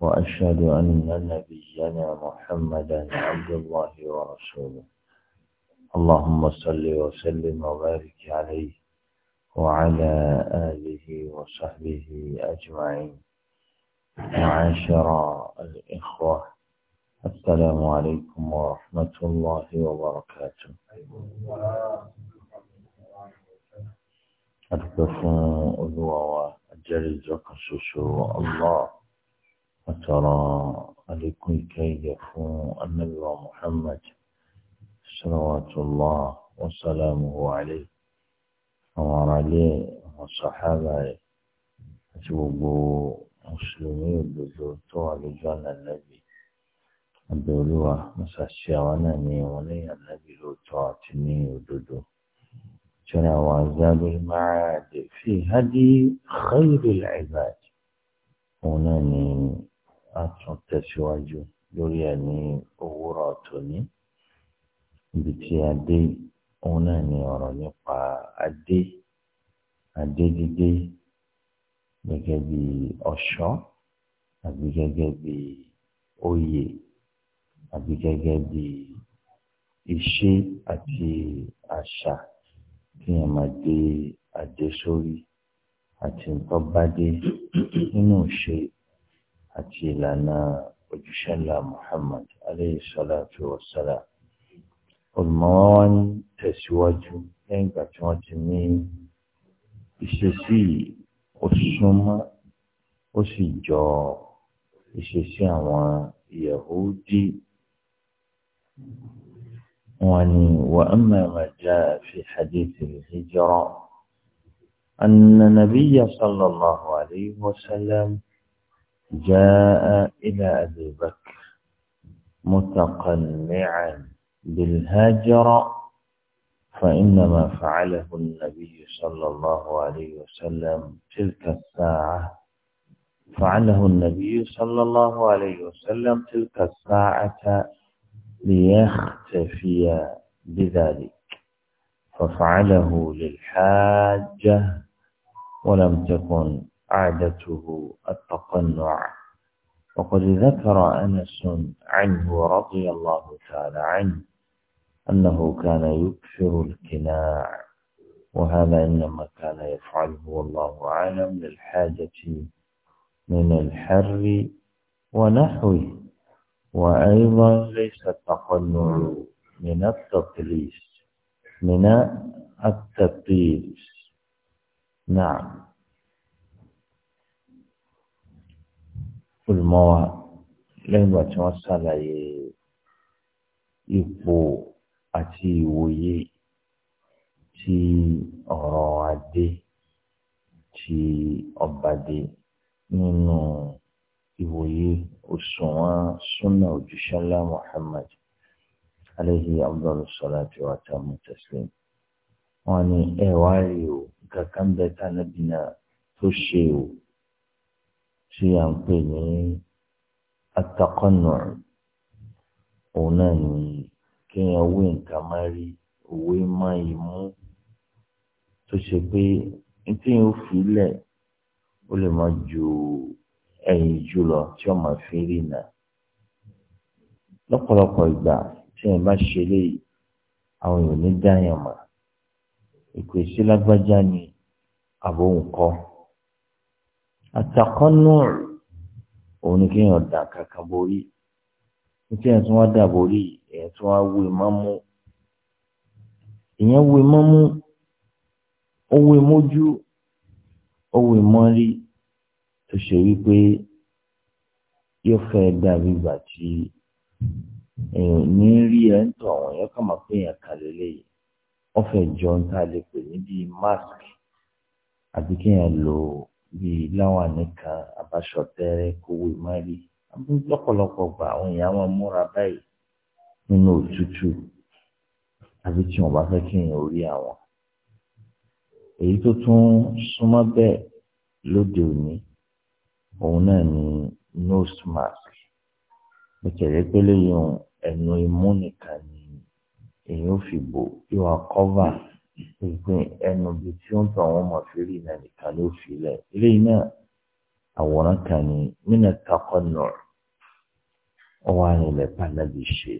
وأشهد أن نبينا محمدا عبد الله ورسوله اللهم صل وسلم وبارك عليه وعلى آله وصحبه أجمعين معاشر الإخوة السلام عليكم ورحمة الله وبركاته أتكفون أذوى وأجل الله وترى لكي فون النبي محمد صلوات الله وسلامه عليه وعلى عليه وصحابه أسبب مسلمي بزرطة لجان النبي أبدوا مساسيوانا نيوني النبي لطاعتني ودودو جنا وعزاب المعاد في هدي خير العباد òun náà ni a tún tẹ̀síwájú lórí ẹ̀ ní òwúrọ̀ tòní ibi tí a dé òun náà ni ọ̀rọ̀ nípa adé adé dídé gẹ́gẹ́ bí ọ̀ṣọ́ àbí gẹ́gẹ́ bí oyè àbí gẹ́gẹ́ bí iṣẹ́ àti àṣà kí ẹ máa dé adé sórí àti nǹkan bá dé nínú ìṣe àti ìlànà òjíṣẹ́ ńlá Muhammad alayhi salatu wa salam olùmọ̀wá wa ń tẹ̀síwájú lẹ́yìn ìgbà tí wọ́n ti ní ìṣesí ó ó sì jọ ìṣesí àwọn Yahudi wọn ni wa amma ma fi hadith al أن النبي صلى الله عليه وسلم جاء إلى أبي بكر متقنعا بالهجر فإنما فعله النبي صلى الله عليه وسلم تلك الساعة فعله النبي صلى الله عليه وسلم تلك الساعة ليختفي بذلك ففعله للحاجة ولم تكن عادته التقنع وقد ذكر أنس عنه رضي الله تعالى عنه أنه كان يكثر الكناع وهذا إنما كان يفعله والله أعلم للحاجة من الحر ونحوه وأيضا ليس التقنع من التطليس من التطليس náà olùmọ̀ wa lẹ́yìn ìgbà tí wọ́n ṣàlàyé ipò àti ìwòye tí ọ̀rọ̀ adé tí ọba dé nínú ìwòye òṣùwọ̀n súnà òjíṣẹ́ ńlá Muhammad alayhi abdul salatu wa tamu taslim. wọn ni ẹ wá rí o kankan bẹ náà tó ṣe o tí à ń pè ní atakọ́nà òun náà ni kéèyàn wé nǹkan má rí òwe má yìí mú tó ṣe pé tí yóò fi lẹ̀ ó lè má ju ẹ̀yìn jù lọ tí ó máa fi rí nà lọ́pọ̀lọpọ̀ ìgbà tí ìpèsè lágbájá ni àbòhùn kọ àtàkọ́nù òun ni kéèyàn dà kankan borí nítorí ẹ̀ tí wọ́n dà borí ẹ̀ tí wọ́n wé mọ́mú ìyẹn wé mọ́mú ó wé mójú ó wé mọ́rí tó ṣe wípé yóò fẹ́ dàbí ìgbà tí èèyàn ní rí ẹ̀ ń tọ̀ àwọn èèyàn kàn pé èèyàn kàlẹ́ lẹ́yìn ọ̀fẹ́ jọ ń ta lè pè ní mask àbí kéèyàn lò bíi láwọn nìkan àbáṣọ tẹ́rẹ́ kówó ìmárì lọ́pọ̀lọpọ̀ gbà àwọn èèyàn máa múra báyìí nínú òtútù àbí tí wọ́n bá fẹ́ kéèyàn orí àwọn èyí tó tún súnmọ́ bẹ́ẹ̀ lóde òní òun náà ni nose mask mo tẹ̀lé pé lẹ́yìn ẹnu imú nìkan fi bò yóò wá kọ́fà gbogbo ẹnu bíi tí ó ń tọ́ àwọn ọmọ fi rí iná nìkan ló fi lẹ̀ eléyìí náà àwòrán kan ní nínú takọ́nù ọwọ́ àrìnlẹ̀ pàdánù ṣe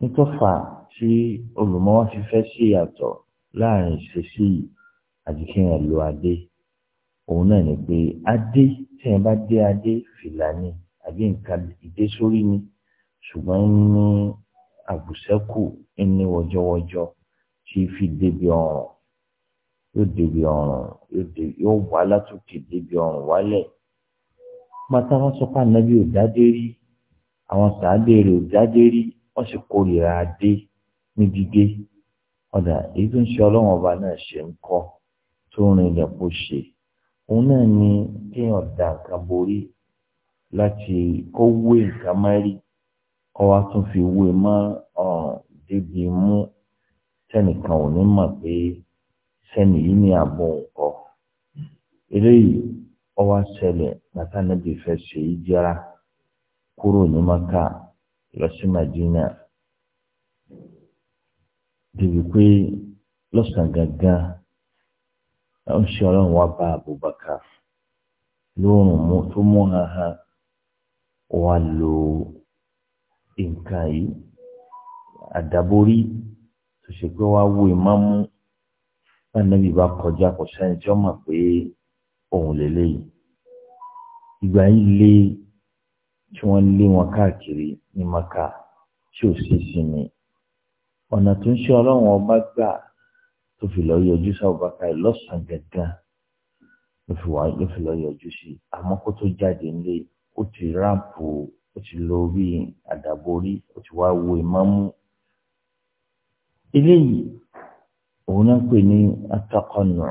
nítòfà tí olùmọ́wá fi fẹ́ sí ìyàtọ̀ láàrin ìṣesí àdìkẹ́yìn lo adé òun náà ni pé adé tẹ́yìn bá dé adé fìlà ni àbí nǹkan ìdé ni ṣùgbọ́n ní àbùsẹ́kù ní wọjọwọjọ tí fi débi ọrùn yóò débi ọrùn yóò wá látòkè débi ọrùn wálẹ̀ pátá wọn sọ pé ànábì ò dádé rí àwọn sàádé rẹ̀ ò dádé rí wọ́n sì kórìíra dé níbi dé ọ̀dà èyí tó ń ṣe ọlọ́run ọba náà ṣe ń kọ́ tó ń rinlẹ̀ kó ṣe òun náà ni kéèyàn da nǹkan borí láti kó wé nǹkan mẹ́rin kọ́ wa tún fi wé mọ́ débi mú sẹ́nìkan ò ní mọ̀ pé sẹ́nì yìí ní àbọ̀ nǹkan eléyìí ó wá ṣẹlẹ̀ fẹ́ ṣe kúrò ní maka lọ sí madina débi pé lọ́sàn-án ń ṣe abubakar lóòrùn tó mú hàn nǹkan yìí àdàborí tó ṣe pé wàá wo ìmáàmù náà níbi bá kọjá kò sẹ́ni tí wọ́n mọ̀ pé òun lélẹ́yìí ìgbà yìí lé tí wọ́n lé wọn káàkiri ní maka tí ò sí sinmi ọ̀nà tó ń ṣe ọlọ́run ọba gbà tó fi lọ yọjú sí Abubakar lọ́sàn-án gẹ̀gán ló fi lọ yọjú sí àmọ́ kó tó jáde nílé ó ti ráàpù ó ti lọ bí àdàborí ó ti wá wo ìmáàmù eléyìí òun náà pè ní atakọ̀nà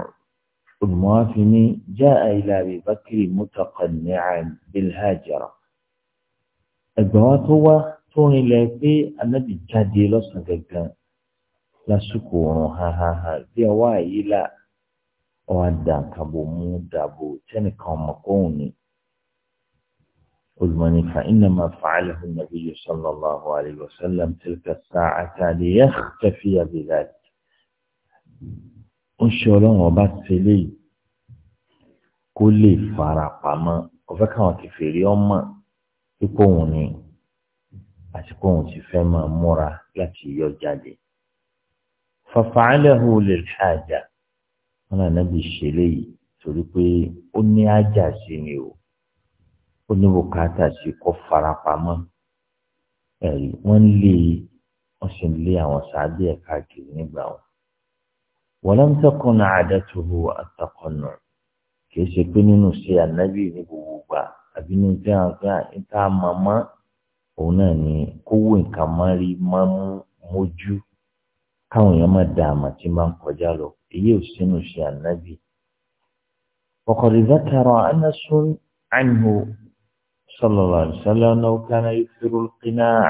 olùmọ̀ọ́fin ní já àìlà àbíbákiri mutakọ̀nìyàn bilhajara ẹgbẹ́ wa tó wá tó rinlẹ̀ pé anábì jáde lọ́sàn-án gangan lásìkò ọ̀run hahaha bí ọwọ́ àyílà ọ̀hádà kàbọ̀mú dàbò tẹ́nìkan ọmọkùnrin ni olùmọ̀ni فإنما فعله النبي صلى الله عليه وسلم تلك الساعة ليختفي liyakhtafiya bi dhalik. ó ń ṣe ọlọ́run ọba tẹ́lẹ̀ yìí kó lè fara pamọ́ ọ̀fẹ́ káwọn kẹfẹ́rí ọmọ pípọ̀ òun ni àti pé òun ti fẹ́ máa múra láti yọ jáde. fafa'alahu lil haja wọn náà nábì ṣe léyìí torí pé ó ní ájà sí ni o oníbùkátà sí kó farapamọ́ ẹ̀rí wọ́n lé wọ́n sì ń lé àwọn sáájú ẹ̀ káàkiri nígbà wọn. walam takun adatuhu at-taqannu kì í ṣe pé nínú ṣe ànábì ní gbogbo gbà àbí ní ìjọ níta màmá òun náà ni kówó nǹkan máa rí máa mú mójú káwọn èèyàn máa da àmà tí máa ń kọjá lọ èyí ò sínú ṣe ànábì. وقد ذكر أنس عنه صلى الله عليه وسلم أنه كان يكثر القناع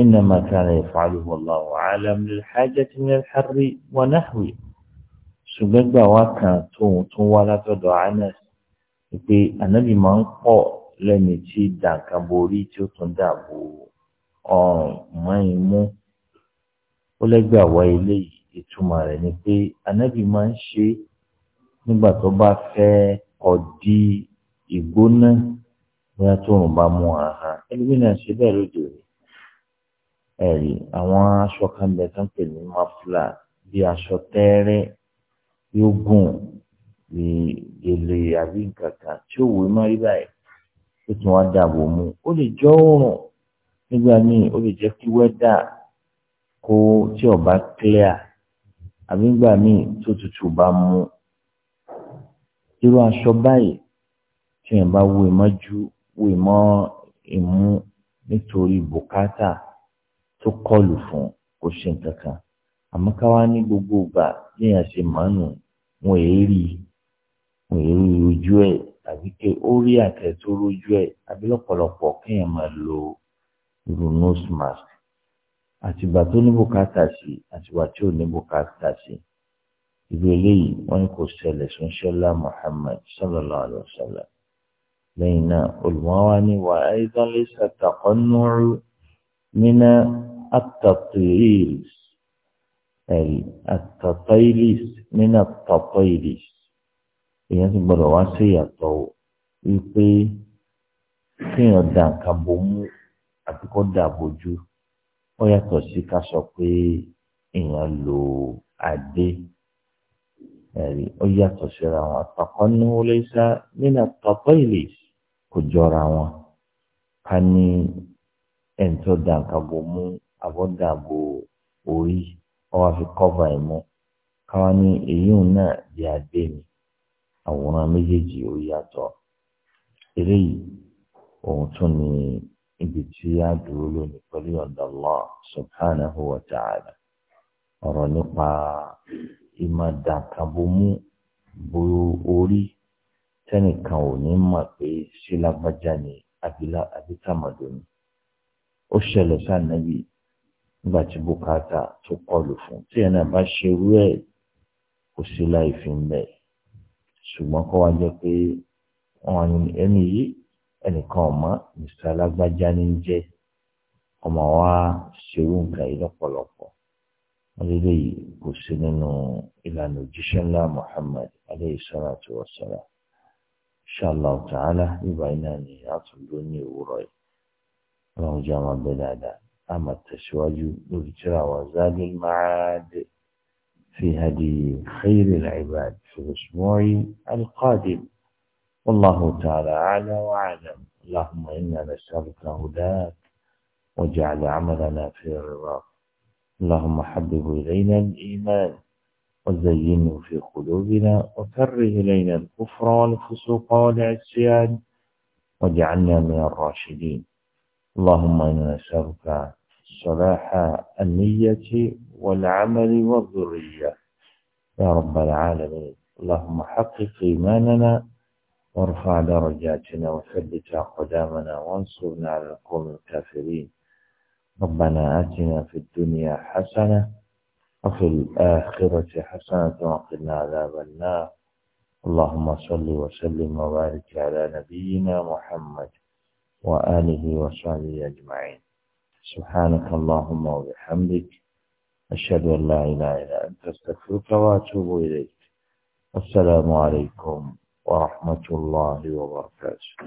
إنما كان يفعله الله عالم للحاجة من الحر ونحوه ṣùgbọ́n gbà wá kan tóun tún wá látọ̀dọ̀ anas pé ànábì máa ń pọ̀ lẹ́ni tí dàǹkan borí tí ó tún dàbò ọrùn mọ́yìn mú ó lẹ́gbàá wá eléyìí ìtumọ̀ rẹ̀ ni pé ànábì máa ń ṣe nígbà tó bá fẹ́ kọ́ ìgbóná bóyá tóòrùn bá mú àhán ẹlòmínà ṣe bẹ́ẹ̀ lóde òní ẹ̀rí àwọn aṣọ kan bẹ tó ń pè ní mafla bí aṣọ tẹ́ẹ́rẹ́ yóò gùn bí gèlè àbí gàgà tí ò wé má rí báyìí ó tún wá dàbò mu ó lè jọ òórùn nígbà míì ó lè jẹ́ kí wẹ́dà kó tí ò clear àbí nígbà míì tó tutù bá mú irú aṣọ báyìí tí yẹn bá wo ìmọ́jú wo ìmọ́ ìmú nítorí bùkátà tó kọlù fún kò ṣe nǹkan kan àmọ́ ká wá ní gbogbo ìgbà bí yẹn ṣe mọ́nù wọn èérí wọn èérí ojú ẹ̀ tàbí pé ó rí àtẹ̀ tó rójú ẹ̀ àbí lọ́pọ̀lọpọ̀ kéèyàn máa lo irú nose mask àtìgbà tó ní bùkátà sí àtìgbà tí ò ní bùkátà sí ìwé wọn kò ṣẹlẹ̀ sọ́nṣẹ́lá Muhammad sallallahu alayhi wa sallam lẹ́yìn náà olùmọ́wá ní wà áìdán lè ṣàtàkọ́núrú nínú àtàtìrìs ẹ̀rí àtàtìrìs nínú àtàtìrìs èèyàn ti gbọ́dọ̀ wá sí ìyàtọ̀ wípé kéèyàn da nǹkan bo mú àti kó dà bójú ó yàtọ̀ sí ká sọ pé èèyàn lo adé ẹ̀rí ó yàtọ̀ síra wọn àtàkọ́núrú lè ṣá nínú àtàtìrìs. kò jọra wọn ká ní ẹ̀ńtọ́ dàǹkàbò mú abọ́dàbò orí wọ́n fi kọ́va ẹ̀ mọ́ káwa ní di àgbẹ̀ mi àwòrán méjèèjì ó yàtọ̀ eléyìí òun tún ní ibi tí a dúró lónìí pẹ̀lú ọ̀dọ̀ Allah subhanahu wa ta'ala ọ̀rọ̀ nípa ìmọ̀ dàǹkàbò mú bo orí. tẹ́nìkan ò ní mọ̀ pé ṣílágbájá ni abilá abítàmọ̀dò ni ó ṣẹlẹ̀ sànàbì nígbà tí bùkátà tó kọlù fún tí ẹ̀ náà bá ṣe irú ẹ̀ kò sí láì fi ń pé wọn ni ẹni yìí ẹnìkan mr alágbájá ní í jẹ́ ọmọ wa ṣerú nǹkan yìí lọ́pọ̀lọpọ̀ wọn lélẹ́yìí kò sí nínú ìlànà ńlá Muhammad aleyhi salatu شاء الله تعالى يبينني أصل دوني وراي الله جامع بلادا أما التسواج نذكر وزاد المعاد في هدي خير العباد في الأسبوع القادم والله تعالى أعلى وأعلم اللهم إنا نسألك هداك وجعل عملنا في الرضا اللهم حبب إلينا الإيمان وزينه في قلوبنا وكره إلينا الكفر والفسوق والعصيان واجعلنا من الراشدين اللهم إنا نسألك صلاح النية والعمل والذرية يا رب العالمين اللهم حقق إيماننا وارفع درجاتنا وثبت أقدامنا وانصرنا على القوم الكافرين ربنا آتنا في الدنيا حسنة وفي الآخرة حسنة وقنا عذاب النار اللهم صل وسلم وبارك على نبينا محمد وآله وصحبه أجمعين سبحانك اللهم وبحمدك أشهد أن لا إله إلا أنت أستغفرك وأتوب إليك السلام عليكم ورحمة الله وبركاته